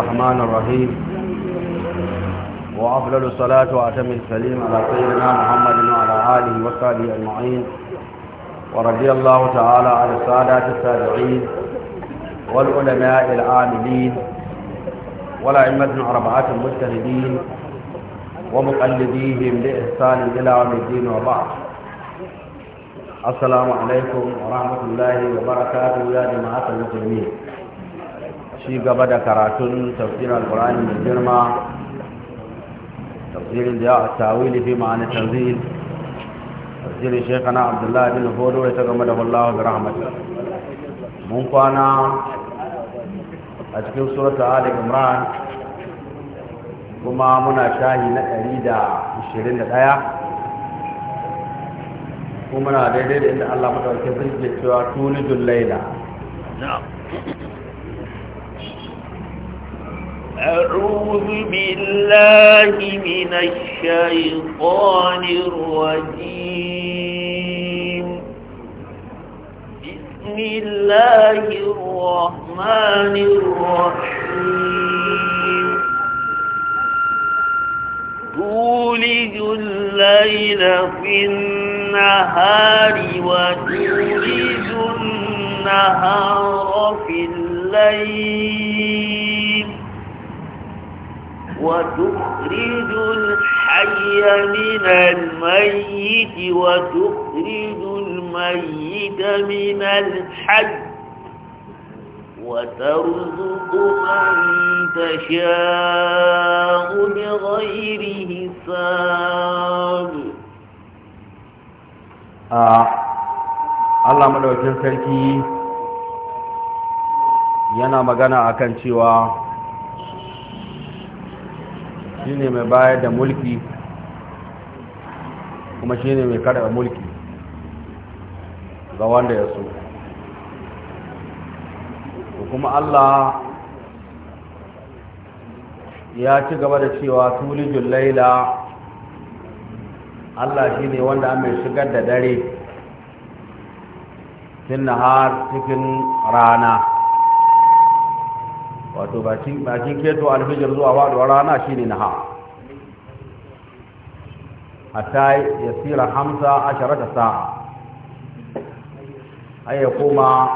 الرحمن الرحيم وأفضل الصلاة وأتم السليم على سيدنا محمد وعلى آله وصحبه أجمعين ورضي الله تعالى عن السادات التابعين والعلماء العاملين والأئمة الأربعة المجتهدين ومقلديهم لإحسان إلى يوم الدين وبعد السلام عليكم ورحمة الله وبركاته يا جماعة المسلمين ci gaba da karatun tafsirin alkur'ani mai girma tafsirin da ya tawili fi ma'ana tanzil tafsirin shekana abdullahi bin hudu ya ta gama da wallawa ga rahmatu mun kwana a cikin surata ali imran kuma muna shahi na 121 kuma muna daidai da inda allah madaukakin sun ke cewa tuni tulijin laila أعوذ بالله من الشيطان الرجيم بسم الله الرحمن الرحيم تولج الليل في النهار وتولج النهار في الليل وتخرج الحي من الميت وتخرج الميت من الحي وترزق من تشاء بغير حساب Allah madaukin sarki yana magana akan cewa shi ne mai bayar da mulki kuma shi ne mai da mulki ga wanda ya so kuma Allah ya ci gaba da cewa Tuli julaila Allah shi ne wanda mai shigar da dare cin nahar cikin rana wato bakin keto alfijir zuwa da rana shi ne na ha hatta ya tsira hamsa asharata sa'a ai kuma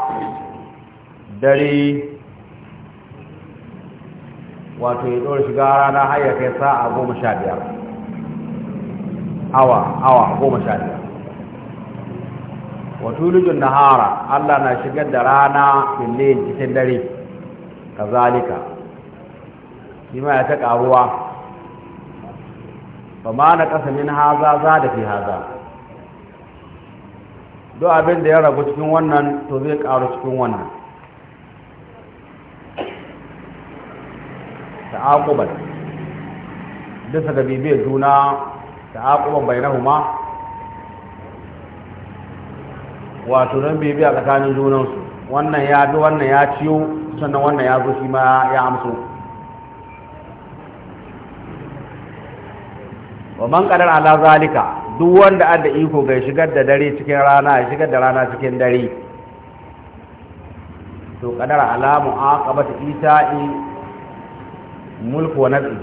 dare wato ya ɗora shiga rana har ya kai sa'a goma sha biyar awa awa goma sha biyar wato lujin nahara allah na shigar da rana filin cikin dare kazalika shi ma ya ta karuwa ba ma na ƙasa min haza za da fi haza duk abin da ya ragu cikin wannan to zai karu cikin wannan Ta ta'aquban bisa da bibe juna ta nahu ma. wato don a tsakanin junansu wannan ya bi wannan ya ciyo sannan wannan ya zo shi ma ya amso wa man qadar ala zalika duk wanda adda iko ga shigar da dare cikin rana ya shigar da rana cikin dare to qadar ala muaqabati isa'i mulku wa nazi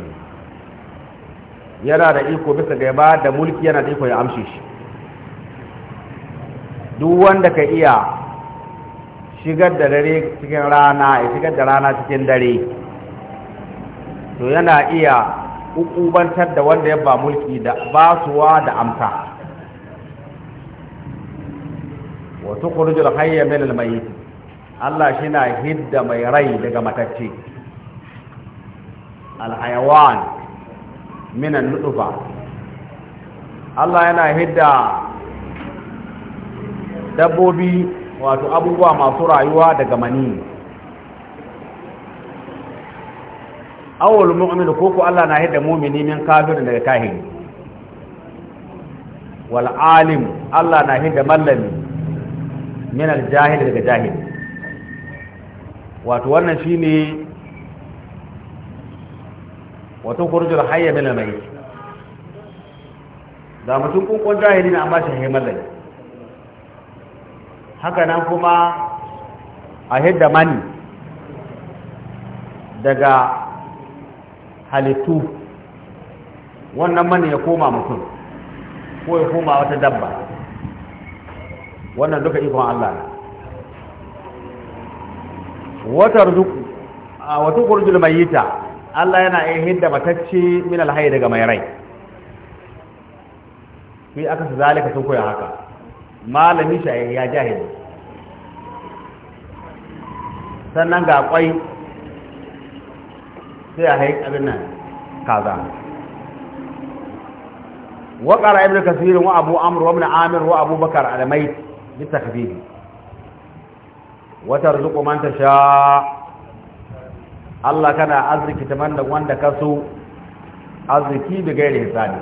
yana da iko bisa ga ba da mulki yana da iko ya amshe shi duk wanda ka iya shigar da dare cikin rana ya shigar da rana cikin dare to yana iya ukubantar da wanda ya ba mulki da basuwa da amsa wa tukhrijul hayya min al Allah Allah na hidda mai rai daga matacce alhayawan minan min Allah yana hidda dabbobi wato abubuwa masu rayuwa daga mani awul mu'min ko ku Allah na hidda mu'mini min kafir daga kahin wal alim Allah na hidda mallami min al jahil daga jahil wato wannan shine wato kurjul hayya min al mayit da mutum kun kon jahili na amma shi mallami haka nan kuma a hidda mani daga halittu wannan mani ya koma mutum ko ya koma wata dabba wannan duka ikon Allah ne watar zuku a wata kurjul mayita Allah yana iya hidda matacce min alhayi daga mai rai fi aka su zalika sun koya haka malami shaye ya jahili sannan ga kwai sai a haik abin nan kaza waƙara ibn kasir wa abu amr wa amir wa abu bakar alamai bi takbibi wa tarzuqu man sha Allah kana arziki tamanna wanda kaso arziki bi gairi hisabi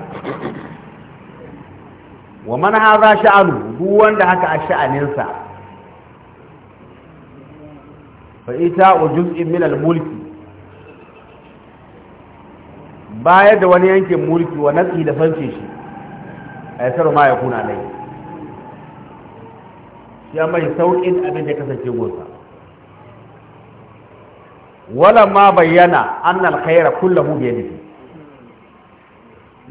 wa man haza sha'anu duk wanda haka a sha'aninsa fa ita wa juz'in min al-mulki bayar da wani yankin mulki wa nasi da fance shi a yasar ma ya kuna lai shi mai sauƙin abin da kasance gonsa wala ma bayyana annal khaira kullahu bi yadihi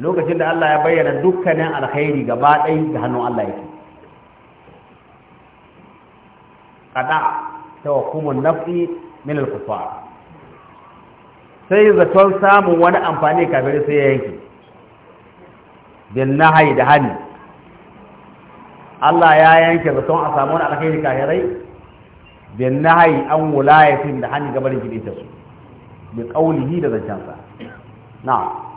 lokacin da Allah ya bayyana dukkanin alkhairi gaba ɗai ga hannun Allah yake kada tawakkumun nafi min al-kufar sai zaton samun wani amfani kafin sai ya yanki bin nahayi da hani Allah ya yanke zaton a samu wani alkhairi kafirai bin nahayi an wulayatin da hani gabar gidansu bi qaulihi da zancensa na'am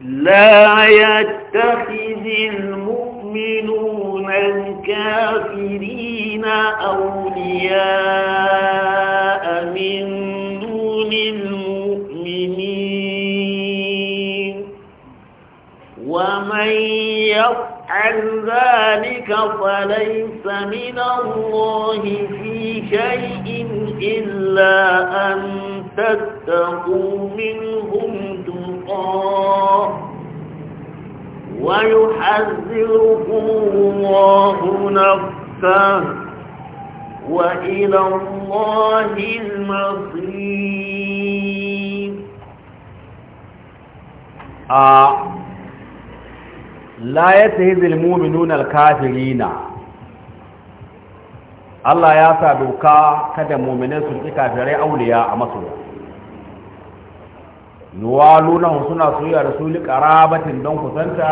لا يتخذ المؤمنون الكافرين أولياء من دون المؤمنين ومن يفعل ذلك فليس من الله في شيء إلا أن تتقوا منهم ويحذركم الله نفسه وإلى الله المصير آه. لا يتهز المؤمنون الكافرين الله يا سادوكا كذا مؤمنين سلطيكا جري أولياء مصر yuwalunahum suna soyayya da su liqarabatin don kusanta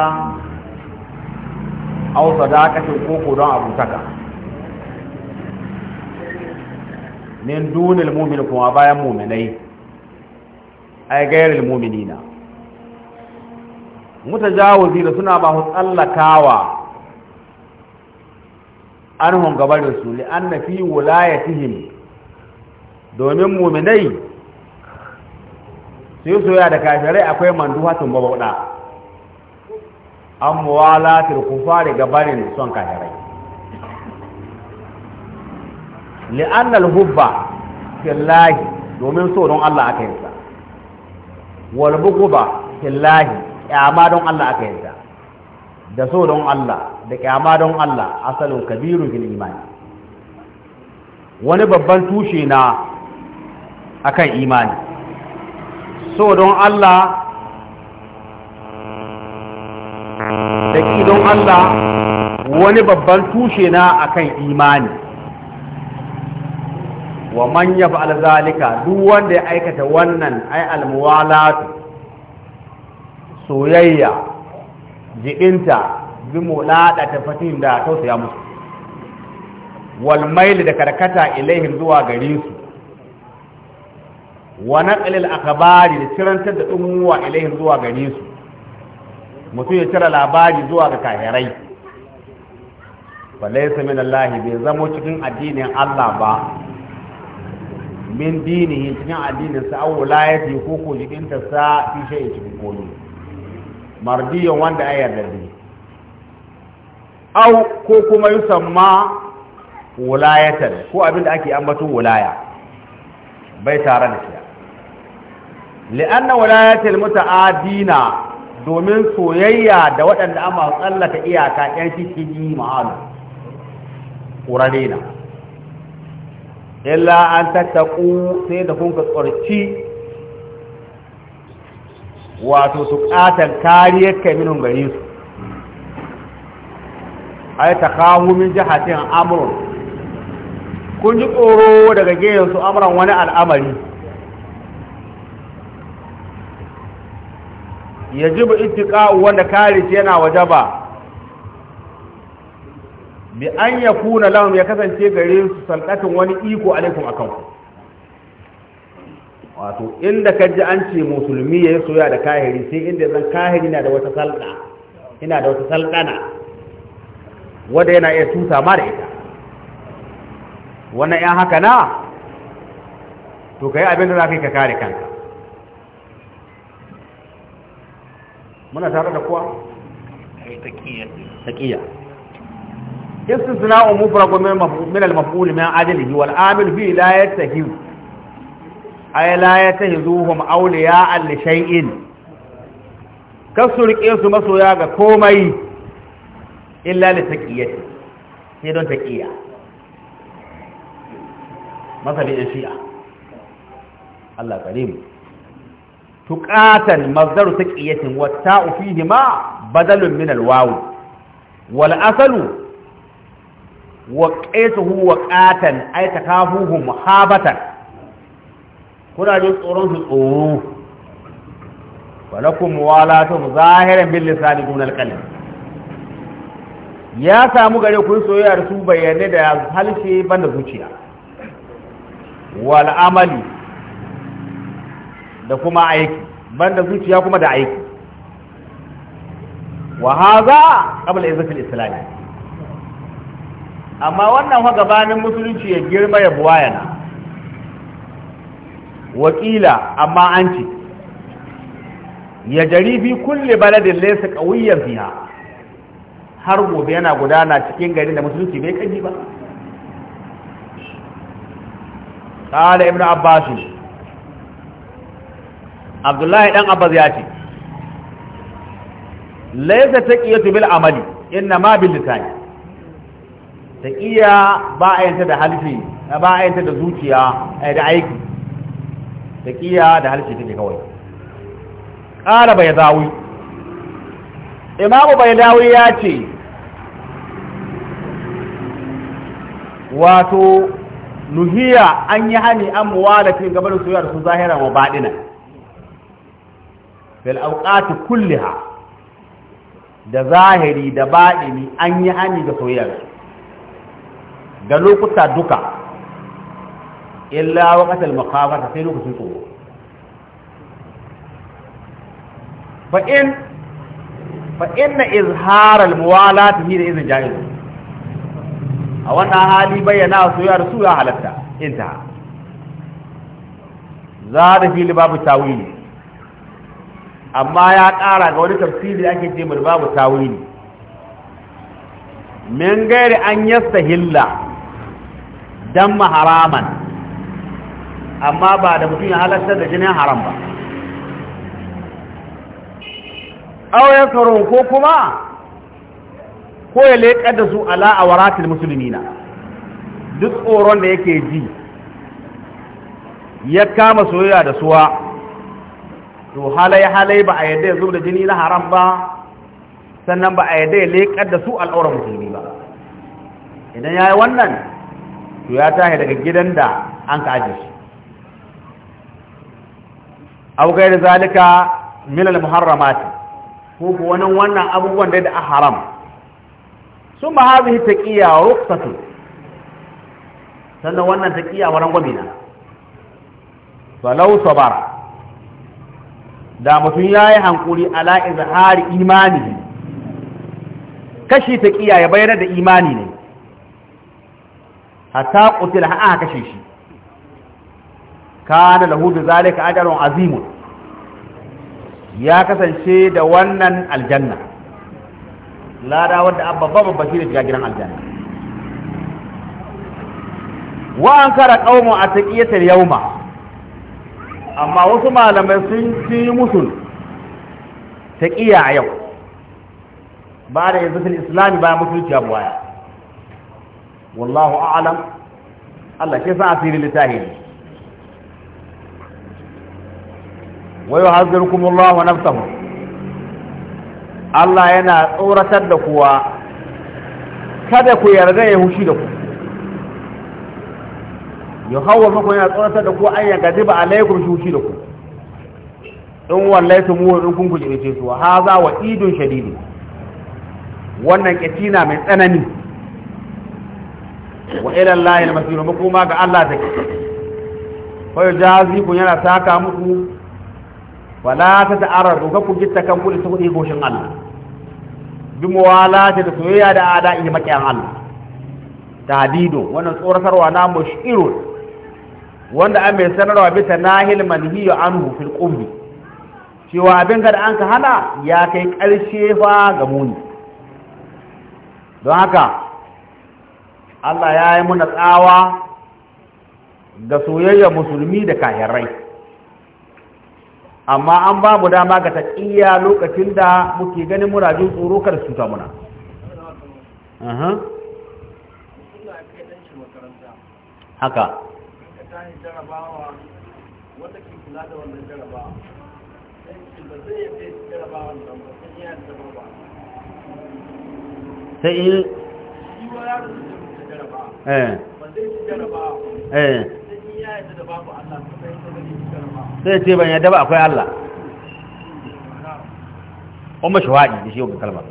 aw sadaqatin koko don abutaka min dunil mu'min kuma bayan mu'minai ay gairil mu'minina mutajawizi da suna ba su tsallakawa hon gabar rasuli anna fi wilayatihim domin mu'minai su yi soya da kafirai akwai manduhatun babauda an muwalatul kufari gabanin son kafirai li'annal hubba fillahi domin so don Allah aka yinsa wal buguba fillahi kyama don Allah aka yinsa da so don Allah da kyama don Allah asalin kabiru fil imani wani babban tushe na akan imani so don Allah da ki don Allah wani babban tushe na akan imani wa man alzalika zalika duk wanda ya aikata wannan ai almuwalatu soyayya jibinta bi mulada ta fatin da tausaya musu wal mail da karkata ilaihim zuwa gare su wa naqlil akhbari da cirantar da umuwa ilaihim zuwa gare su mutum ya cire labari zuwa ga kahirai fa laysa min bai zamo cikin addinin Allah ba min dinihi cikin addinin sa aw wilayati ko ko cikin ta sa fi shay'in cikin koyi mardiyan wanda ayar da da aw ko kuma yusamma wulayatan, ko abin da ake ambato wulaya, bai tare da shi li'anna walayatul muta'adina domin soyayya da waɗanda an masu tsallaka iyaka ƴan shi yi ma'alu ƙurare na illa an tattaku sai da kun ka tsorci wato su ƙatan kariyar kaminin gare su ai ta kawo min jihatin amurin kun ji tsoro daga su amuran wani al'amari yajibu ittiqa'u wanda kare shi yana wajaba bi an ya kuna lahum ya kasance gare su salqatin wani iko alaikum akan ku wato inda kaji an ce musulmi ya yi soya da kahiri sai inda zan kahiri na da wata salqa ina da wata salqana wanda yana iya tusa ma da ita wannan yan haka na to kai abin da za ka yi ka kare kanka muna tare da kuwa taqiya istisna'u mufrad min al-maf'ul min ajlihi wal amil fi la yatahiz ay la yatahizuhum awliya'a li shay'in kasurike su masoya ga komai illa li taqiyati sai don taqiya masalin shi'a Allah karimu tuqatan mazdaru taqiyatin wa ta'u fihi ma badalun min al-waw wal asalu wa qaisuhu wa qatan ay takafuhu muhabatan kuna jin tsoron su tsoro walakum walatum zahiran bil lisani dun al ya samu gare ku soyayya da su bayyane da halshe banda zuciya wal amali da kuma aiki banda zuciya kuma da aiki wa haza qabla izzatil islam amma wannan fa gabanin musulunci ya girma ya buwayana wakila amma an ce ya jari fi kulli baladin laysa qawiyyan fiha har gobe yana gudana cikin garin da musulunci bai kaji ba قال ابن عباس abdullahi dan abbas ya ce laisa taqiyatu bil amali inna ma bil lisan taqiya ba ayyanta da halfi ba ayyanta da zuciya eh, da aiki taqiya da halfi take kawai qala baydawi imamu baydawi ya ce wato nuhiya an yi hani an muwalatin gabar soyayya su zahira wa baɗina fil auqati kulliha da zahiri da baɗini an yi hani ga soyayyar da lokuta duka illa waqatal makhafata sai lokacin tsoro fa in fa inna izhar al muwalat hi da izin jaiz a wannan hali bayyana soyayyar su ya halatta intaha zada fil babu tawili amma ya ƙara ga wani tafsiri ake ce babu tawili min gairi an yasta hilla dan maharaman amma ba da mutum ya halartar da jinin haram ba auyen tsaron ko kuma ko ya leƙa da su ala a waratul na duk tsoron da yake ji ya kama soyayya da suwa to halai halai ba a yadda ya zub da jini na haram ba sannan ba a yadda ya leƙar da su al'auran musulmi ba idan ya yi wannan to ya tahi daga gidan da an ka ajiye shi aukai da zalika milal muharramati ko ko wani wannan abubuwan da a haram sun ma ta taqiya rukhsatu sannan wannan ta taqiya waran gwamina falau sabara da mutum ya yi hankuri ala izhari imani kashi ta kiya ya bayar da imani ne hatta qutila ha aka kashe shi kana lahu bi zalika ajrun azimun ya kasance da wannan aljanna lada wadda abba babba shi ne shiga gidan aljanna wa ankara qaumu ataqiyatal yawma amma wasu malamai sun fi musul ta a yau ba da yanzu sun islami bayan musulci abu waya wallahu a'alam Allah ke san asiri littahi ne wa kuma, Allah wa nafsahu Allah yana tsoratar da kuwa kada ku yarda ya hushi da ku ya hawa muku yana tsoratar da ku an ya gaji alaikum shushi da ku in wallai su muwa in kun kujice su ha za wa idun shadidi wannan kitina mai tsanani wa ila Allah al-masir makoma ga Allah take fa jazi kun yana saka muku wala ta ta'arradu ka ku gitta kan kullu su kudi goshin Allah bi muwalata da soyayya da ada'i makiyan Allah tadido wannan tsoratarwa na mushirun wanda an mai sanarwa bisa nahil manhiyu anhu fil qubbi cewa abin da an ka hana ya kai ƙarshe fa ga muni don haka Allah ya yi muna tsawa ga soyayya musulmi da kahirai amma an ba mu dama ga taƙiyya lokacin da muke ganin muna jin tsoro kar su ta muna haka jarabawa wanda ke kula da wannan jarabawa sai in shi eh. ba zai yi jarabawa ce ban yadda ba akwai Allah mashi waɗi da shi yau kalma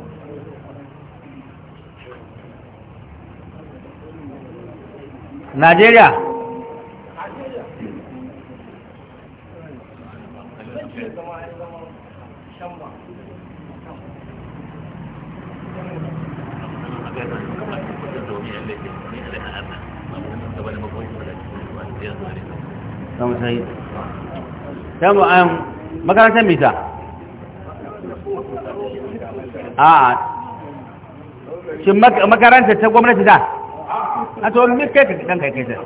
Najeriya sai sai mu an um, makarantar mita a shi makarantar ta gwamnati da a to wani kai ka dan kai kai ta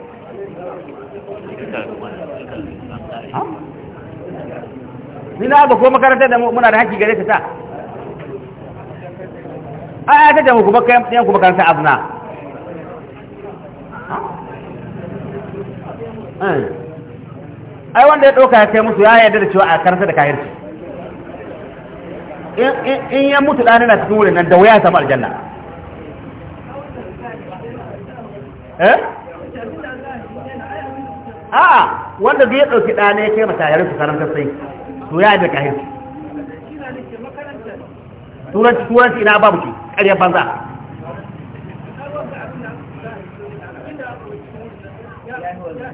ni na ga ko makarantar da muna da haƙi gare ta ta ai ta jamu kuma kai yan kuma kansa abna eh ai wanda ya ɗauka ya kai musu ya yarda da cewa a karanta da kayarci in ya mutu ɗani na cikin wurin nan da wuya samu aljanna eh a wanda duk ya ɗauki ɗani ya kai mata kahirci karanta sai to ya yarda da kayarci turanci turanci ina babu ki ƙaryar banza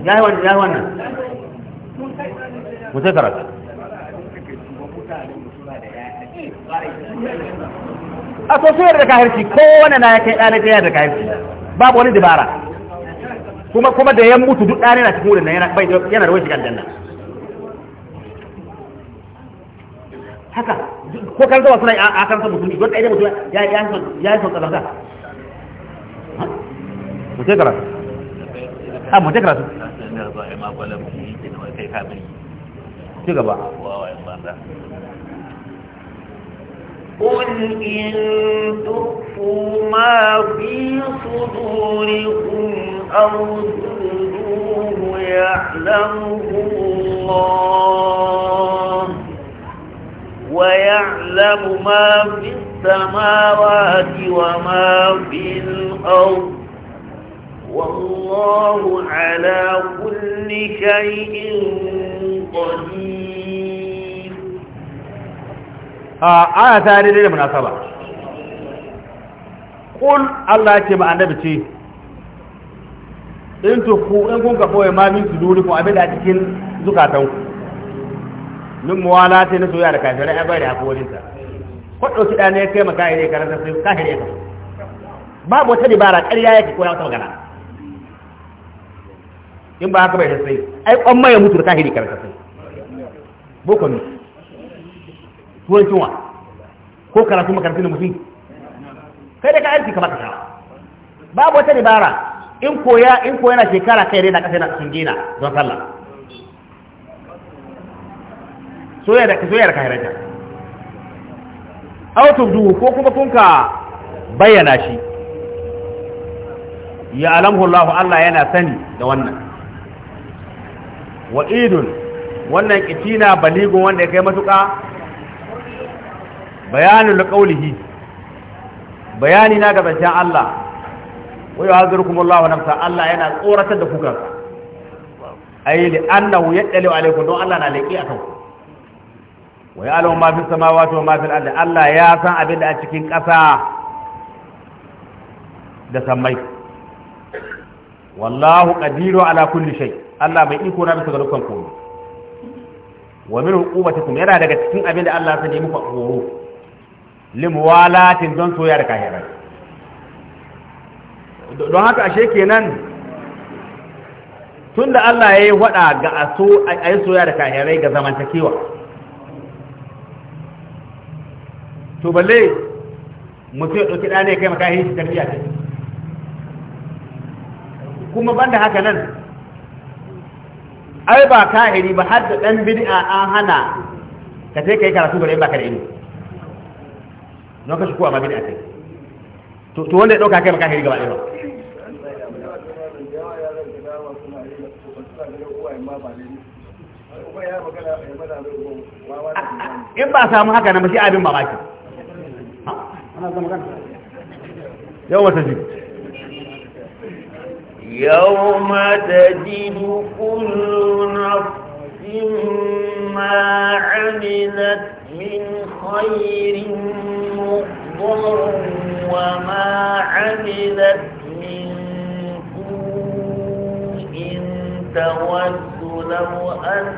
ya yi wannan mu sai karatu a so sai da kahirci kowane na ya kai ɗalibi ya da kahirci babu wani dabara kuma kuma da ya mutu duk na cikin wurin nan yana bai wani rawar shiga danna haka ko kan zama suna a kan san mutum don ɗaya mutum ya ya ya son tsadarta mu sai karatu a mu sai karatu ci gaba قل إن تخفوا ما في صدوركم أو تبدوه يعلمه الله ويعلم ما في السماوات وما في الأرض والله على كل شيء قدير اه آية ثانية للمناسبة قل الله كما النبي تي in tuku in kun ka koya ma min suduri kun abin da cikin zukatan ku min muwala sai na soyayya da kafirai ai bai da hakurin sa ko dauki dane kai maka ne karanta sai kahire ka babu wata dibara ƙarya yake ko ya wata magana in ba haka bai da sai ai kwan mai mutu da kahiri karka sai boko ne tuwon wa ko karatu makarantun mutum kai da ka aiki kamar ka sha babu wata dabara in koya in koya na shekara kai rena kasa na sun gina don sallah soyayya da soyayya da kahiranta out of duhu ko kuma kun ka bayyana shi ya alamhu Allah Allah yana sani da wannan Wa'idun wannan kitina baligun wanda ya kai matuƙa bayanin da ƙaulihi. bayani na ga zancen Allah wa yi hazuru kuma Allah wa nafsa Allah yana tsoratar da kukan ayi li annahu yaddali alaikum don Allah na leƙi akan ku wa ya alamu ma fi samawati wa ma fi Allah ya san abin da a cikin ƙasa da sammai wallahu qadiru ala kulli shay' Allah mai iko na bisa ga dukkan komai wa min hukumatikum yana daga cikin abin da Allah ya sani muku horo limwalatin don soyayya da kahira don haka ashe kenan tunda Allah ya yi wada ga aso a yi soyayya da kahirai ga zamantakewa to balle mutum ya ɗauki dane kai makahin shi tarbiyya ce kuma banda haka nan ai ba kahiri ba har da ɗan bid'a an hana ka sai ka yi karatu gare ba ka da ilimi don ka shukuwa ma bid'a kai to wanda ya ɗauka kai ba kahiri gaba ɗaya ba in ba a samu haka na mashi abin mamaki yau wata jiki يوم تجد كل نفس ما عملت من خير مقدر وما عملت من سوء تود لو أن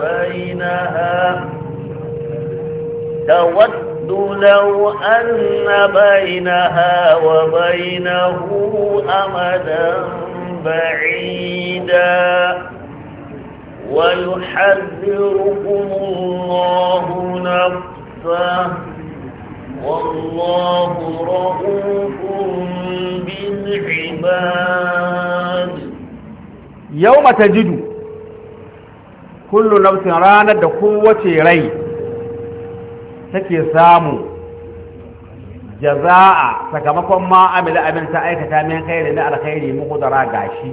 بينها تود لو أن بينها وبينه أمداً بعيدا ويحذركم الله نفسه والله رؤوف بالعباد يوم تجد كل نفس رانا دقوة ري تكي سامو jaza'a sakamakon ma amila abin ta aikata min khairi na alkhairi muqdara gashi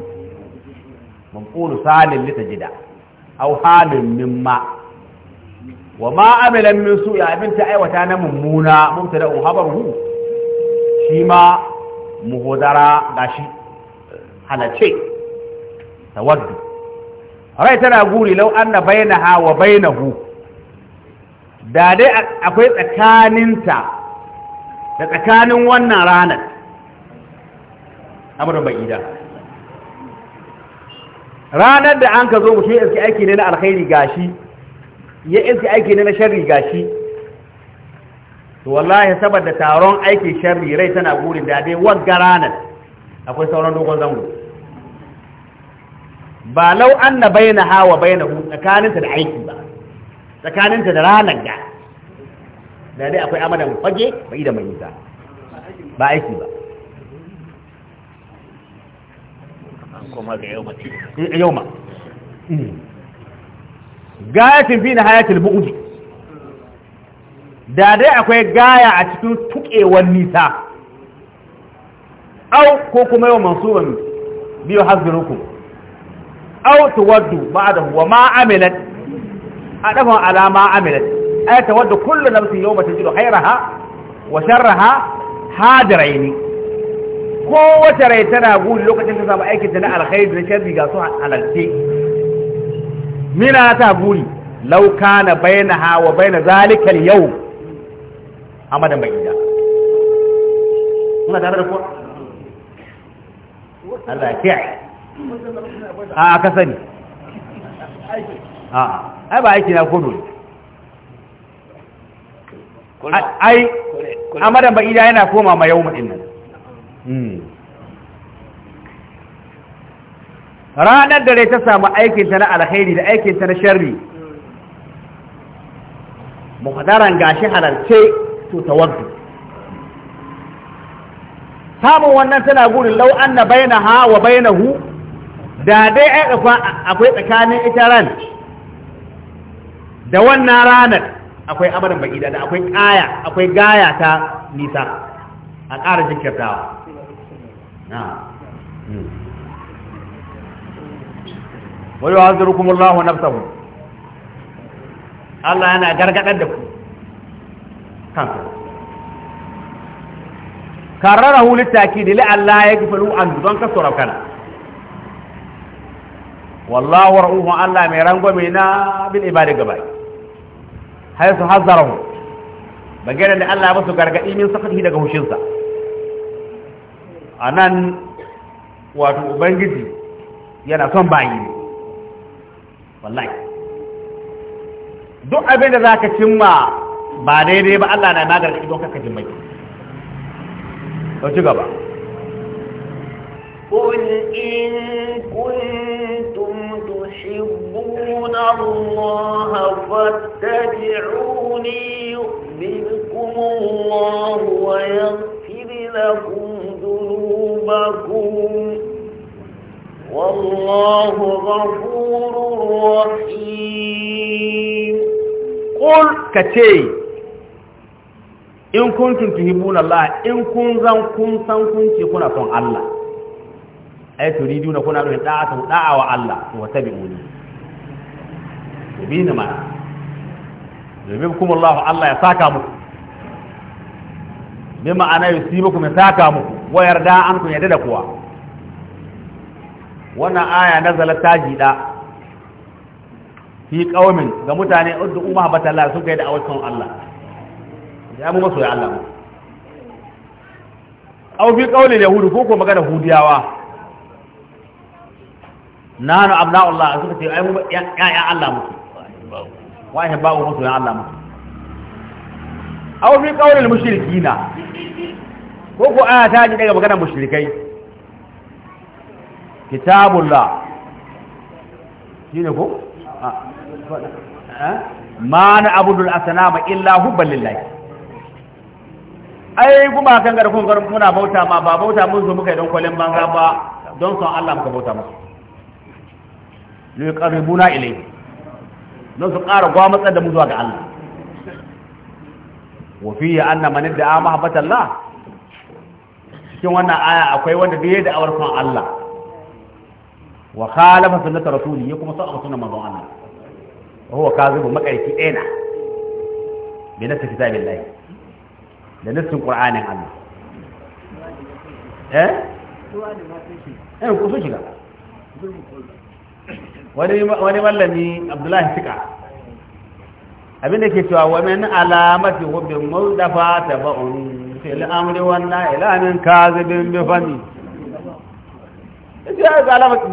Mun maqulu salil tajida aw halin mimma wa ma amila min su abin ta aiwata na mummuna mubtada habaru shi ma muqdara gashi halace tawaddu rai tana guri law anna bainaha wa bainahu da dai akwai tsakaninta da tsakanin wannan ranar amurin ba'ida ranar da an ka zo mutum ya iske aiki ne na alkhairi gashi ya iske aiki ne na sharri gashi to wallahi saboda taron aiki sharri rai tana gurin da dai wagga ranar akwai sauran dogon zango ba lau an na bayyana hawa bayyana tsakaninta da aiki ba tsakaninta da ranar ga da dai akwai amadan fage bai da mai nisa ba aiki ba kuma ga yauma eh, yauma hmm. gayatin fi nihayatil bu'd da dai akwai gaya a cikin tukewan nisa au ko kuma yau mansuban biyu hasbirukum au tuwaddu ba'dahu wa ma amilat dafa alama amilat ay tawaddu kullu nafsin yawma tajidu khayraha wa sharraha hadirayni kowace rai tana guri lokacin ta samu aikin ta na alkhairi da sharri ga su halalce mina ta guri law kana bainaha wa bain zalika al-yawm amadan bayyana kuna tare da ku Allah ya kiyaye a ka sani a ai ba aiki na dole. ai amadan ba'ida yana koma ma yau mutum nan hmm. ranar da ta samu aikinta na alkhairi da aikinta na sharri muhadaran gashi halarce to tawaddu samun wannan tana gurin lau anna bainaha wa hu. da dai akwai tsakanin ita ran da wannan ranar akwai amarin baki da akwai kaya akwai gaya ta nisa a ƙara jinkirtawa na hmm. wayo hazirukum Allahu nafsahu Allah yana gargadar da ku kanku kararahu litakid li Allah ya gfaru an don ka sura kana wallahu rahuhu Allah mai rangwame na bil ibadi gabaki. haisu ba maganar da Allah ya musu gargaɗi min sakatihi daga hushinsa a nan wato ubangiji yana son bayi ne wallahi duk abin da za ka cimma ba daidai ba Allah na magar ka don kaka jimmai ci gaba قل إن كنتم تُطِيعُونَ اللَّهَ فَاتَّبِعُونِي يُؤْمِنْكُمُ اللَّهُ وَيَغْفِرْ لَكُمْ ذُنُوبَكُمْ وَاللَّهُ غَفُورٌ رَّحِيمٌ قُلْ كَتَيْ إِن كُنتُمْ تُحِبُّونَ اللَّهَ إِن كُنتُمْ كُنتُمْ كُنتُمْ كنتم اللَّهَ أي تريدون كنا نطاعة طاعة الله وتبعوني bi ni mana domin kuma Allah Allah ya saka muku bi ma'ana ya si muku ya saka muku wa yarda an ku yarda da kuwa wannan aya nazala tajida fi qaumin ga mutane uddu umma Allah suka yi da awakan Allah ya mu masoya ya Allah mu aw fi qawli yahudu ko ko magana hudiyawa nanu Allah suka ce ai mu ya ya Allah muke wahi babu musu na Allah musu aw fi qawlil mushrikina ko ko aya ta ji daga maganar mushrikai kitabullah shine ko ah. eh? ma na abudul asnama illa hubban lillahi ai kuma kan garkun garkun muna bauta ma ba bauta mun zo muka don kwalin banza ba don son Allah muka bauta musu li qaribuna ilayhi don su ƙara gwamatsar da mu zuwa ga Allah wafiya anna man da'a mahabbatallah cikin wannan aya akwai wanda da da awar son Allah wa khalafa sunnata rasuli ya kuma sa'a sunnan manzon Allah wa huwa kazibu makariki ɗaya bi nasu kitabillahi da nassin qur'anin Allah eh eh ku so shiga wani mallami abdullahi sika abinda ke cewa wa min alamati hubbin ta ba'un. fil amri wan na ila min kazibin bifani. fani ya ga alamati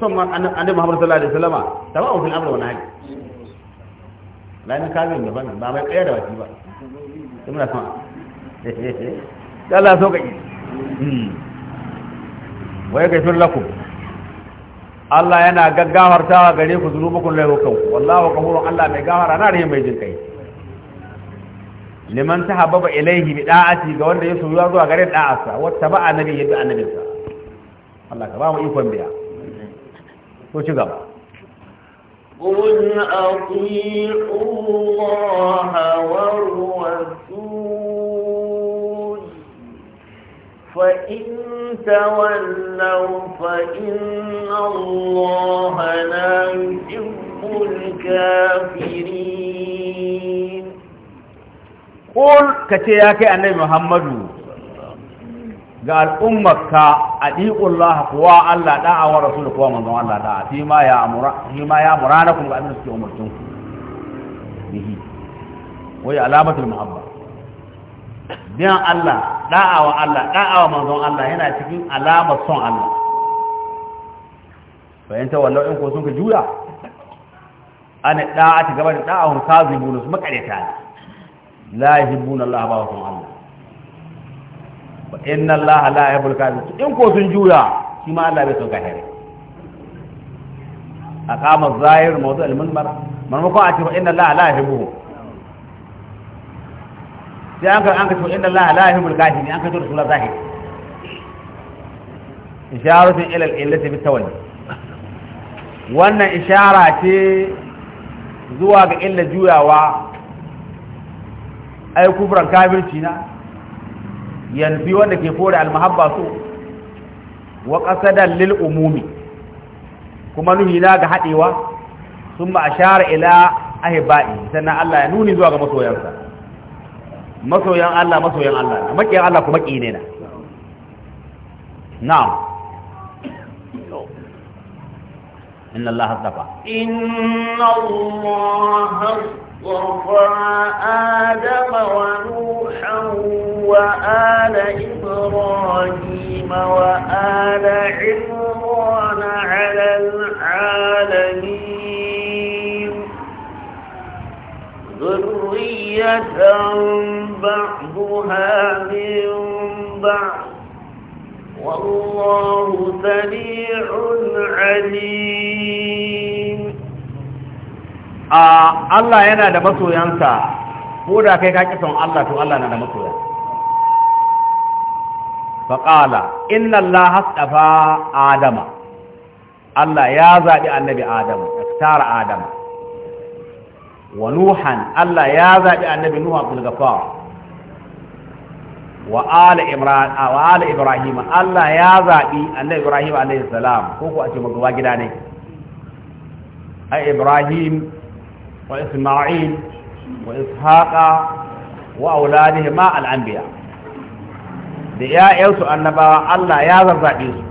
sun annabi Muhammadu sallallahu alaihi wasallama tabaun fil amri wan nahi la min kazibin bi fani ba mai kaya da wati ba kuma son Allah so kai hmm. wa yakfir lakum Allah yana gaggawar tawa gare ku zunubukun laifukan wallahu ghafurun Allah mai gafara na rahim mai jin kai liman tahabbaba ilaihi bi da'ati ga wanda ya soyuwa zuwa gare da'asa, wata ba annabi a bi sa, Allah ka ba mu ikon biya to ci gaba قل أطيعوا الله والرسول فإن تولوا فإن الله لا يحب الكافرين قل كتياك أني محمد قال أمك أديق الله قوى الله دعا ورسول قوى من دعا الله دعا فيما يا أمران فيما يا أمرانكم بأمنسك أمرتم به وهي علامة المحبة biyan Allah da'awa Allah da'awa manzon Allah yana cikin alamar son Allah bayan ta wallau in ko sun ka juya ana da'a ta gaba da da'awun kazibun su makareta ne la yuhibbuna Allah ba son Allah wa inna Allah la yuhibbul kazibun in ko sun juya shi ma Allah bai son kafiri aqama zahir mawdu al-minbar man ko a ce inna Allah la yuhibbu sai an ka an ka to inna allaha la yuhibbul kafirin an ka to rasulullah zahir isharatun ila al-illati tawalli wannan ishara ce zuwa ga illa juyawa ai kufran kafirci na yanzu wanda ke al almahabba su wa qasadan lil umumi kuma nuhi na ga hadewa sun ba ashara ila ahibadi sannan Allah ya nuni zuwa ga masoyansa masoyan Allah masoyan Allah makiyan Allah kuma ki ne na na'am inna Allah hasafa inna Allah hasafa Adam wa اصطفى آدم ونوحا وآل إبراهيم وآل عمران على العالمين ذرية بعضها من بعض والله سميع عليم آه، الله ينا ده ينسى كودا كاي كاكي الله تو الله ندا مسو فقال ان الله اصطفى ادم الله يا زادي النبي ادم اختار ادم wa nuhan Allah ya zaɓi annabi nuhu abdul ghaffar wa ala imran wa ala ibrahim Allah ya zaɓi annabi ibrahim alaihi salam ko ko a ce magaba gida ne ai ibrahim wa isma'il wa ishaqa wa auladihi ma al anbiya da ya'yansu annabawa Allah ya zaɓi su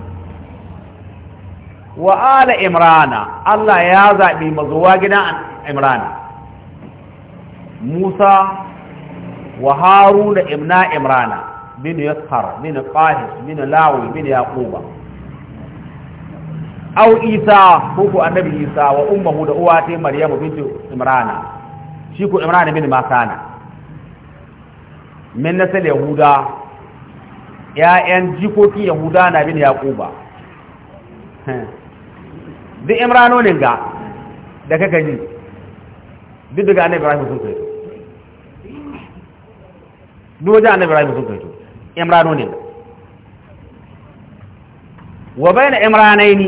wa ala imrana Allah ya zaɓi mazuwa gidan imrana Musa wa Haruna ibna Imrana bin Yasar bin Qahis bin Lawi bin Yaquba aw Isa ko annabi Isa wa ummuhu da uwa ta Maryam binti Imrana shi ko Imrana bin Masana min nasal Yahuda ya'yan jikoki Yahuda na bin Yaquba duk Imranonin ga da kaka ji duk daga annabi ibrahim sun kaito duk wajen annabi ibrahim sun kaito imrano ne wa bayna imranaini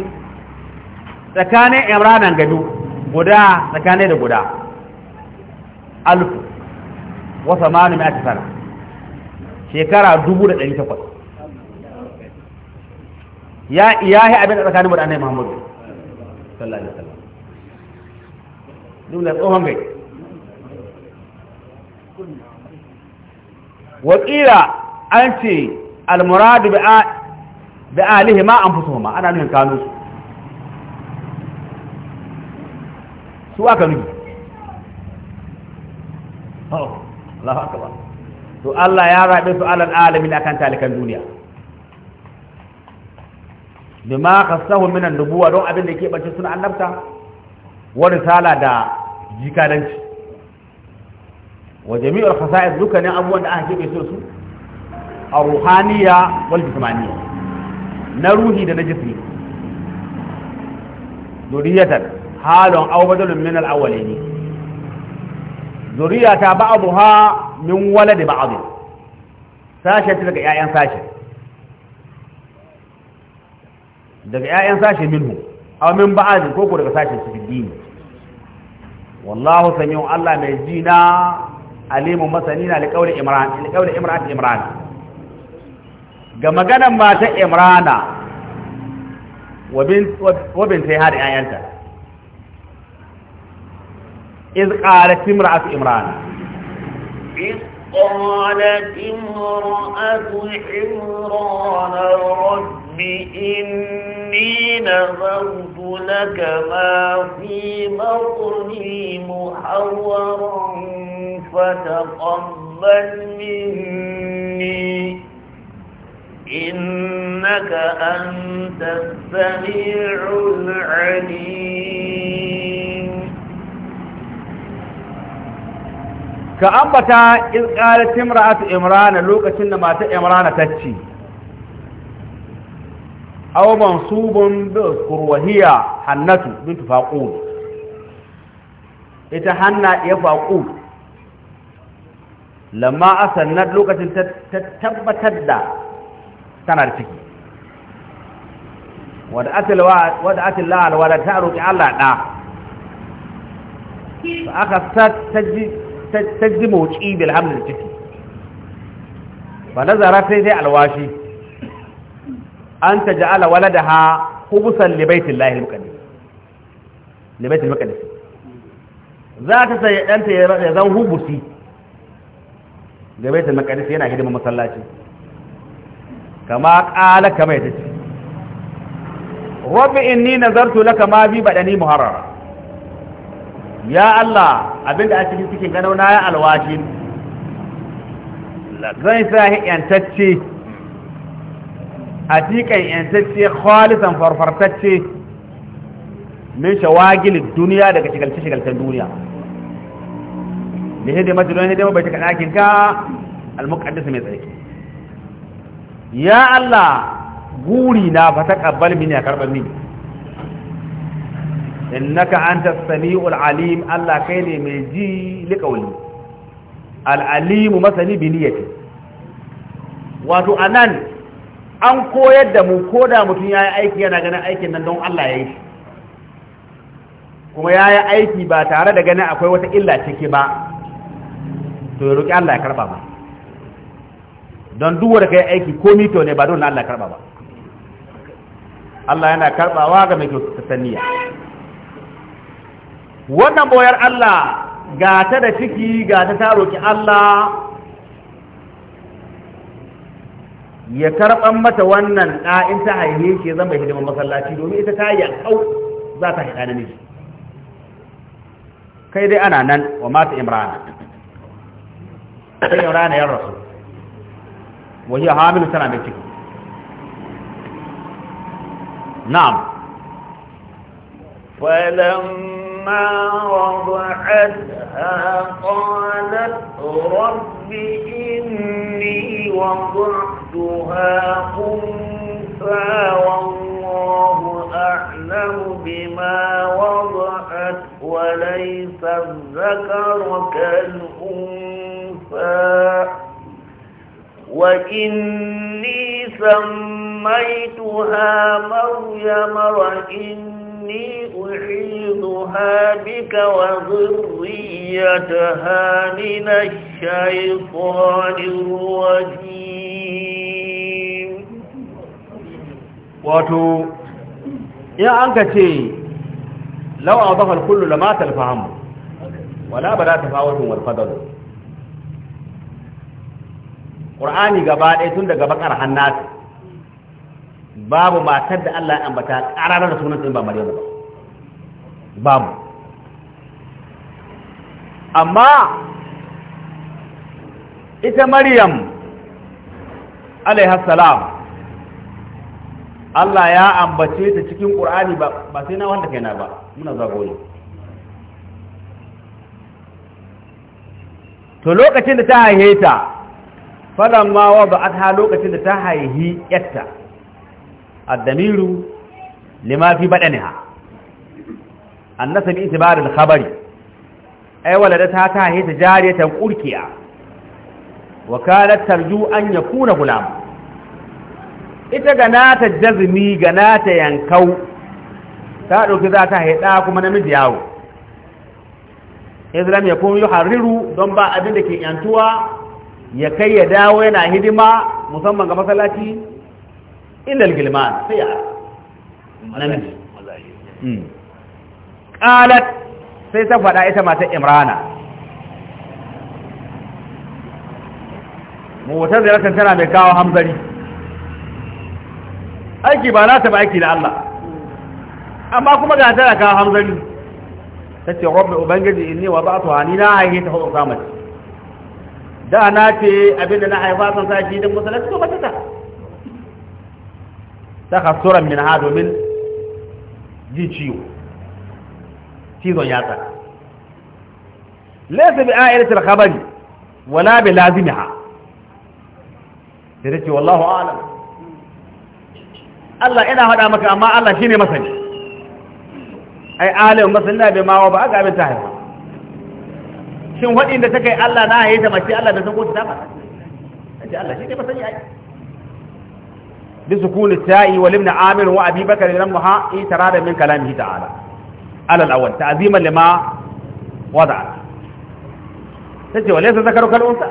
tsakanin imranan gado guda tsakanin da guda alfu wa samanu ake sana shekara dubu da ɗari takwas ya yi abin da tsakanin mu da annabi muhammadu sallallahu alaihi wasallam da tsohon gai wakila an ce almuradu bi alihi ma an ma ana nuhin kanu su su aka nuhi oh, Allah ba to Allah ya rabe su alal alamin akan talikan duniya bima khassahu minan nubuwa don abin da ke bace suna annabta wani risala da jikadanci wa jami'ul khasa'is dukkanin abubuwan da aka kebe su a ruhaniya wal jismaniya na ruhi da na jismi zuriyatan halon aw badalun min al awwalini zuriyata ba'daha min waladi ba'd sashe ta daga ƴaƴan sashe daga ƴaƴan sashe minhu aw min ba'd ko ko daga sashe su dini wallahu Allah mai jina alimun masani na liƙaunin imran liƙaunin imran imran ga maganan mata imrana wabin ta yi hada ‘ya'yanta iz ƙara timra asu imrana iz قالت امرأة عمران رب إني نظرت لك ما في بطني محورا فتقبل مني إنك أنت السميع العليم كأبتا إذ قالت امرأة إمران لوكا إنما تأمران تتشي أو منصوب بأذكر وهي حنة بنت فاقود إتحنى hanna lamma a asannar lokacin ta tabbatar da tana da ciki wadda atin la'alwa da ta roƙi Allah ɗa ba aka ta ji motsi bilhamdar ciki ba nazara sai dai alwashi an ta ja'ala wala da ha kubusan libaitin lahil muƙaddis za ta sai ɗanta ya zan hubusi ga baitul maqdis yana hidima masallaci kama qala kama yace rabbi inni nazartu laka ma bi badani muharrar ya Allah abinda a cikin cikin ganau na ya alwashi zan sa yantacce atikan yantacce khalisan farfartacce min shawagil duniya daga shigalce-shigalcen duniya da hidima don hidima bai taka ɗakin ka al mai tsarki ya Allah guri na fa ƙabbal mini a karɓar ni innaka anta samiul alim Allah kai ne mai ji liƙauli al-alim masani bi niyyati wato anan an koyar da mu koda mutum yayi aiki yana ganin aikin nan don Allah yayi kuma yayi aiki ba tare da ganin akwai wata illa ciki ba to ya roƙi Allah ya karɓa ba don duk wanda yi aiki ko mito ne ba don Allah ya karɓa ba Allah yana karɓawa ga mai kyautata niyya wannan boyar Allah ga ta da ciki ga ta ta roƙi Allah ya karɓan mata wannan ɗa'in ta haihe ke zama bai hidiman masallaci domin ita ta yi alƙau za ta haɗa namiji kai dai ana nan wa mata imrana sai yaura na yan rasu wahiya hamilu tana فلما وضعتها قالت رب إني وضعتها أنثى والله أعلم بما وضعت وليس الذكر كالأنثى وإني سميتها مريم وإني أحيطها بك وذريتها من الشيطان الرجيم واتو يا أنكتي لو أضاف الكل لما تلفهم ولا بلا تفاوتهم والفضل ƙur'ani gaba ɗaya tun daga bakar hannatu babu matar da Allah ya ambata ƙararar da sunan ba Maryamu ba babu amma ita Maryam salam Allah ya ambace ta cikin ƙur'ani ba sai na wanda kaina ba muna zagoyi to lokacin da ta haihe ta falamma ta lokacin da ta haihi yatta ad-damiru lima fi badaniha annasa bi itibar al-khabari ay waladata ta haihi ta jariyatan qurkiya wa kanat tarju an yakuna gulam ita ganata jazmi ganata yankau ta dauki za ta haida kuma namiji yawo izlam yakun yuharriru don ba abin da ke yantuwa ya kai ya dawo yana hidima musamman ga masalaci. illal gilman sai ya namiji hmm. ƙalat sai ta faɗa ita mata imrana motar da rakan tana mai kawo hamzari aiki ba nata ba aiki na Allah amma kuma ga tana kawo hamzari ta ce rabbi ubangiji inni wa ba ta hani na haihe ta hudu samaci da na ce abinda na haifa sun sa shi don musulunci ko mace ta ta kasuran min ha domin ji ciwo cizon yatsa laisa bi ayyatar khabari wala bi lazimiha sai da ce wallahu alam Allah ina faɗa maka amma Allah shine masani ai alim masani na bai mawa ba aka abin ta haifa shin waɗanda ta kai Allah na haye ta mace Allah da zango ta ba ce Allah shi ne ba sani ai bi sukuni ta'i wa limna amir wa abi bakar lam muha itarada min kalamihi ta'ala ala al-awwal ta'ziman lima wada'a tace wa laysa zakaru kal unsa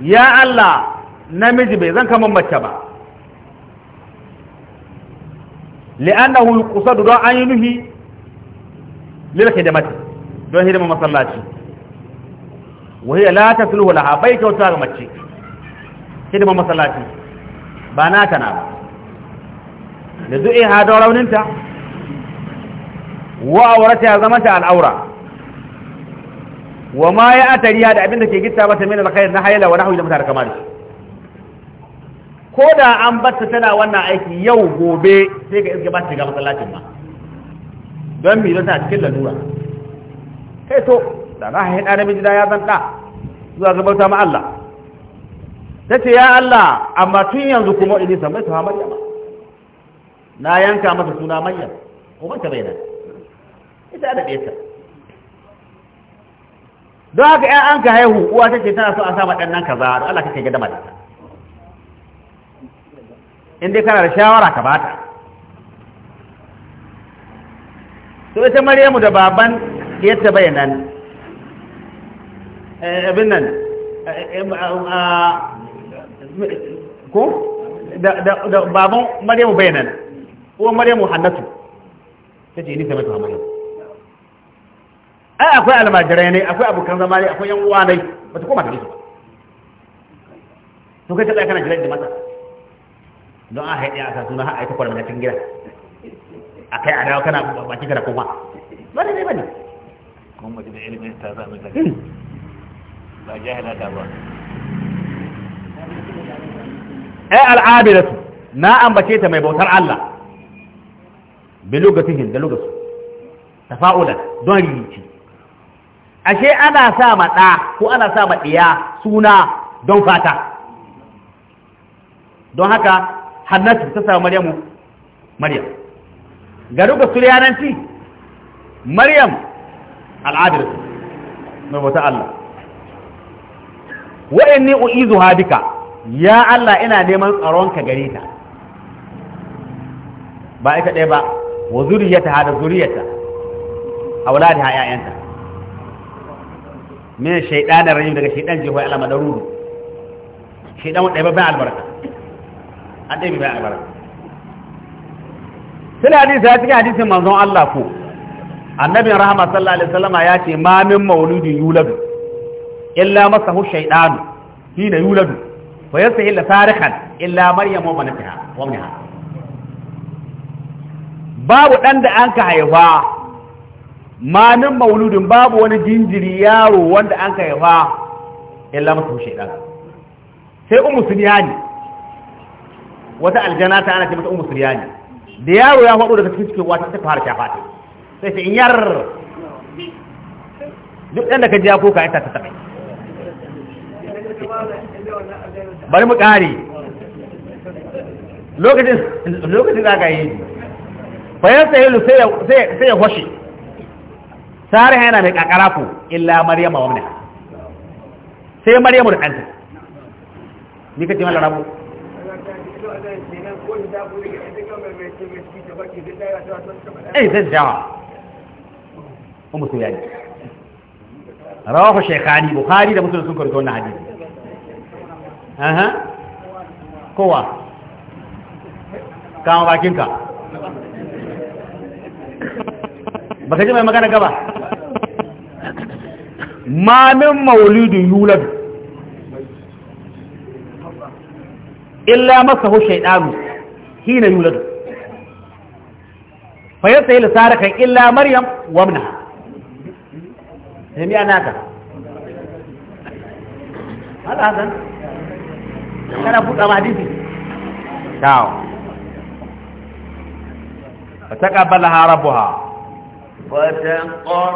ya Allah namiji bai zan kaman mace ba لأنه يقصد دعاء ينهي للخدمات don hidima masallaci wahiyya la ta sulhu laha bai kyauta ga mace hidima masallaci ba na kana ba da du'i ha da rauninta wa aurata ya zama ta al'aura wa ma ya atariya da abinda ke gitta mata min da na hayla wa nahwi da mutar kamar shi ko da an batta tana wannan aiki yau gobe sai ka iske ba ta ga masallacin ba don mi don ta cikin lalura sai to da na haihu ɗa namiji da ya zanta zuwa ga bauta ma Allah ta ce ya Allah amma tun yanzu kuma ini san mai tuha maryama na yanka masa suna maryam ta bai nan ita da ɗaya don haka ya an ka haihu uwa ta ce tana so an sama ɗan nan kaza don Allah kake ke dama da ta in dai kana da shawara ka bata to ita maryamu da baban yadda bayanan eh, eh, abin nan eh, ah, ko da baban maryamu bayanan ko maryamu hannatu ta ce ni ta mata maryamu ai akwai almajirai ne akwai abokan zama ne akwai yan uwa ba ta koma da su to kai ta tsaya kana jiran da mata don a haɗe a sasuna har a yi takwar mai cikin gida a kai a dawa kana baki kana koma ba ne ne ba ne kun mace da ilimin ta zama da hmm. ba jahila da ba ai al'abidatu na ambace ta mai bautar Allah bi lugatihin da lugasu tafa'ulan don rikici ashe ana sa ma ɗa ko ana sa ma ɗiya suna don fata don haka hannatu ta samu maryamu maryam ga lugasu yananci maryam al'adar mai bauta Allah wa'in ne u'izu hadika ya Allah ina neman tsaronka gare ta ba ita ɗaya ba wa zuriyata hada zuriyata a wula da ha'ya'yanta min shaidanar rayu daga shaiɗan jihohi alama da rudu shaidan wadda ba bayan albarka an ɗaya bai albarka suna hadisi ya cikin hadisin manzon Allah ko annabin rahama sallallahu alaihi wasallama ya ce ma min mauludin yuladu illa masahu shaytanu hina yuladu fa yastahil tarikan illa maryam wa manatiha wa minha babu dan da an ka haifa ma min mauludin babu wani jinjiri yaro wanda an ka haifa illa masahu shaytanu sai ummu sunyani wata aljana ta ana ce mata ummu sunyani da yaro ya faɗo daga cikin cikin wata ta fara ta. sai ta inyar duk ɗan da ka jiya kuka ita ta taɓa bari mu ƙari lokacin za ka yi fayar sahilu sai ya hoshe tsari yana mai ƙaƙara ku illa maryama wa mini sai maryamu da ɗanta ni ka ce mala rabu eh zai jawa kuma to yayi rawahu shaykhani bukhari da muslim sun karanta wannan hadisi aha kowa kama bakinka baka ji mai magana gaba ma min maulidin yulad illa masahu shaydanu hina yulad fa yasayil saraka illa maryam wa ibnaha هم يا هذا هذا كان ابو أما حديثي تاو فتقبلها ربها فتقبلها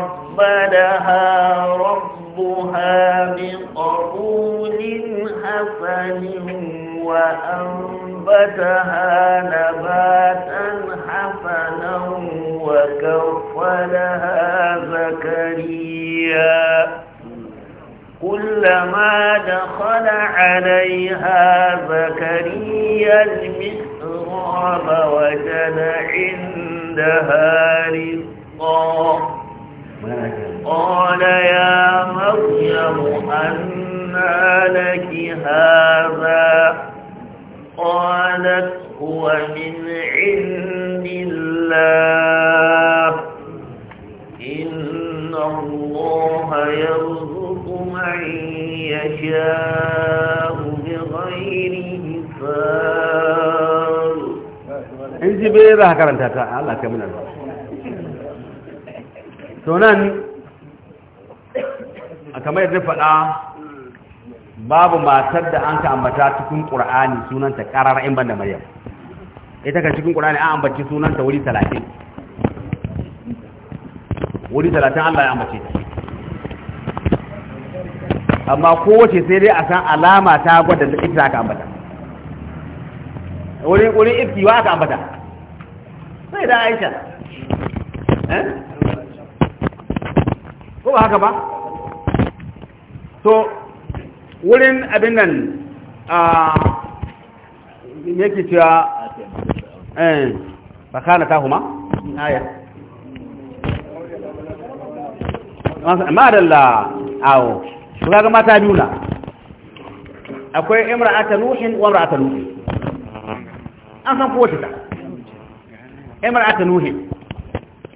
ربها بقبول حسن وأنبتها نباتا حسنا وكفلها زكريا كلما دخل عليها زكريا المحراب وجد عندها رزقا قال يا مريم أنى لك هذا قالت هو من عند الله الله إن الله يرزق من يشاء بغير حساب إن ji راح za الله ta الله ka muna to nan babu matar da an ka ambata cikin ƙur'ani sunanta ƙarar in da maryam ita ka cikin ƙur'ani an ambaci sunanta wuri talatin wuri talatin Allah ya ambace ta amma kowace sai dai a san alama ta gwada da ita aka ambata wurin ifki wa aka ambata sai da Aisha eh ko ba haka ba to wurin abin nan a ah, yake cewa ba eh. kana aya madalla awo mata akwai nuhin wa nuhin an san ta nuhin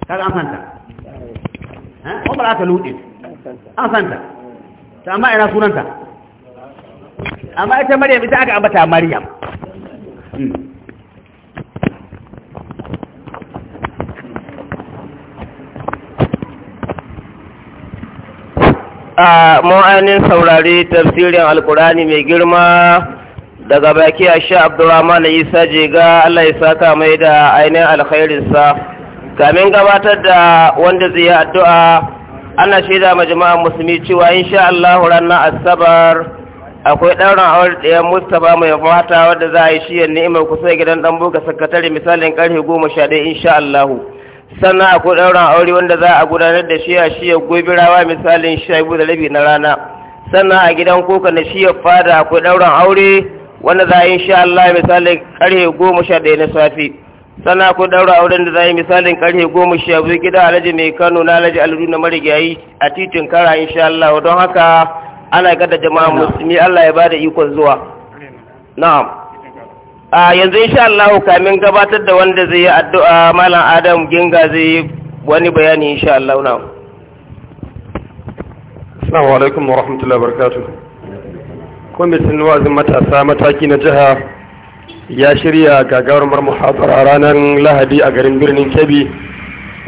kaga an eh? an ta amma ina sunanta amma ita maryam ita aka ambata maryam a ma'anin saurari tafsirin alkurani mai girma daga baki a sha abdurrahman isa jiga allah ya saka mai da ainihin alkhairinsa kamin gabatar da wanda zai yi addu'a ana shaida ma jama'a musulmi cewa sha Allah ranar asabar akwai ɗaurin awar ɗaya mustapha mai fata wadda za a yi shi ni'imar kusa gidan ɗan buga sakatare misalin ƙarfe goma sha ɗaya sha Allahu sannan akwai ɗauran aure wanda za a gudanar da shi a gobe gobirawa misalin shaibu biyu da rabi na rana sannan a gidan kuka na ya fada akwai ɗauran aure wanda za a yi insha Allah misalin ƙarfe goma sha ɗaya na safe sannan akwai ɗauran aure da za a yi misalin ƙarfe goma sha biyu gidan alhaji mai kano na alhaji al'adu na marigayi a titin kara insha Allah don haka ana gada jama'a musulmi Allah ya bada ikon zuwa na'am a yanzu insha Allah kamin gabatar da wanda zai yi addu'a malam Adam Ginga zai yi wani bayani insha Allah na Assalamu alaikum wa rahmatullahi wa barakatuh Kwamitin wazin matasa mataki na jiha ya shirya gagarumar muhabara ranar Lahadi a garin birnin Kebbi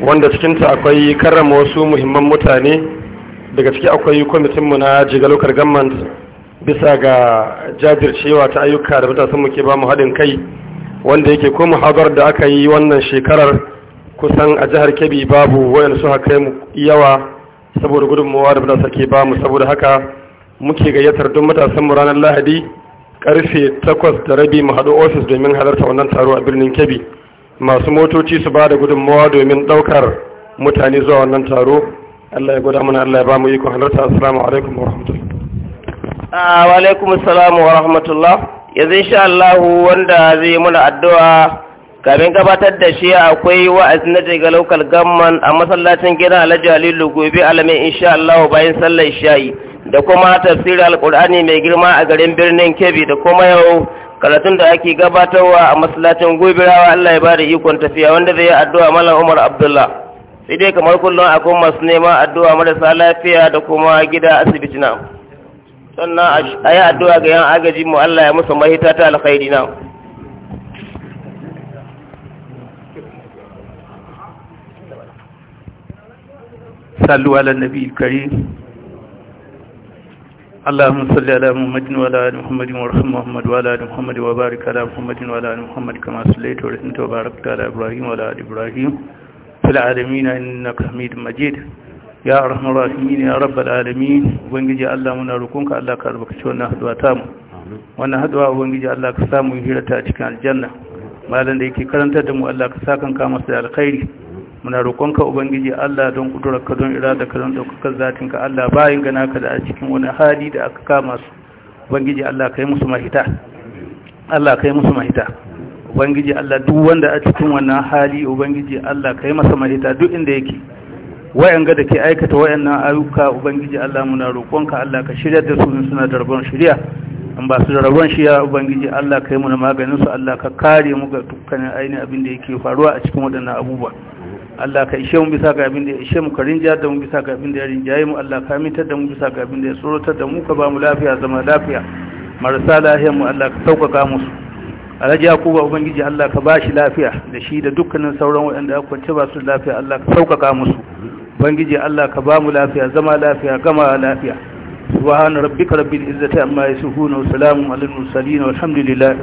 wanda cikinta akwai karrama wasu muhimman mutane daga ciki akwai kwamitinmu na jigalokar government bisa ga jajircewa ta ayyuka da matasan mu ke bamu haɗin kai wanda yake ko muhabar da aka yi wannan shekarar kusan a jihar kebbi babu wayan su haka yawa saboda gudunmawa da matasa ke ba saboda haka muke gayyatar duk matasan mu ranar lahadi karfe takwas da rabi mu haɗu ofis domin halarta wannan taro a birnin kebbi masu motoci su ba da gudunmawa domin ɗaukar mutane zuwa wannan taro allah ya gwada mana allah ya ba mu halarta assalamu alaikum wa rahmatullahi Ah, wa alaikum wa rahmatullah yanzu insha Allah wanda zai muna addu'a kamin gabatar da shi akwai wa'azi na daga local government a masallacin gidan Alhaji Halilu gobe alamin insha Allah bayan sallar shayi da kuma tafsirin alkur'ani mai girma a garin birnin Kebbi da kuma yau karatun da ake gabatarwa a masallacin gobirawa Allah ya ba da ikon tafiya wanda zai yi addu'a Malam Umar Abdullah sai dai kamar kullum akwai masu neman addu'a marasa lafiya da kuma gida asibiti na. sannan a yi addu’a ga yan agaji mu Allah ya musu mahita ta alkhairi na sallu ala nabi karim Allahumma salli ala Muhammadin wa ala Muhammadu Muhammadin wa rahmatu Muhammad wa ala ali wa barik ala Muhammadin wa ala ali Muhammad kama sallaita wa barakta ala Ibrahim wa ala ali Ibrahim fil alamin innaka Hamidum Majid ya arhamar rahimin ya rabbal alamin ubangiji Allah muna roƙonka Allah ka albarkaci wannan haduwa ta mu wannan haduwa ubangiji Allah ka samu hirata a cikin aljanna malam da yake karantar da mu Allah ka sa kan kama da alkhairi muna roƙonka ubangiji Allah don kudurarka don irada ka don daukakar ka Allah bayan gana ka da a cikin wani hali da aka kama su ubangiji Allah ka yi musu mahita Allah ka yi musu mahita ubangiji Allah duk wanda a cikin wannan hali ubangiji Allah ka yi masa mahita duk inda yake wayanga da ke aikata wa'annan ayyuka ubangiji Allah muna roƙonka Allah ka shirya da su suna da rabon shirya an ba su da rabon shirya ubangiji Allah kai muna maganin su Allah ka kare mu ga dukkanin ainihin abin da yake faruwa a cikin waɗannan abubuwa Allah ka ishe mu bisa ga abin da ya ishe mu ka rinjayar da mu bisa ga abin da ya rinjaye mu Allah ka mintar da mu bisa ga abin da ya tsorotar da mu ka ba mu lafiya zama lafiya marasa lafiyar mu Allah ka sauƙaƙa musu alhaji yakuba ubangiji Allah ka ba shi lafiya da shi da dukkanin sauran waɗanda aka kwance ba su lafiya Allah ka sauƙaƙa musu ubangiji Allah ka ba mu lafiya zama lafiya gama lafiya subhana rabbika rabbil izzati amma yasifun wa salamun alal mursalin walhamdulillahi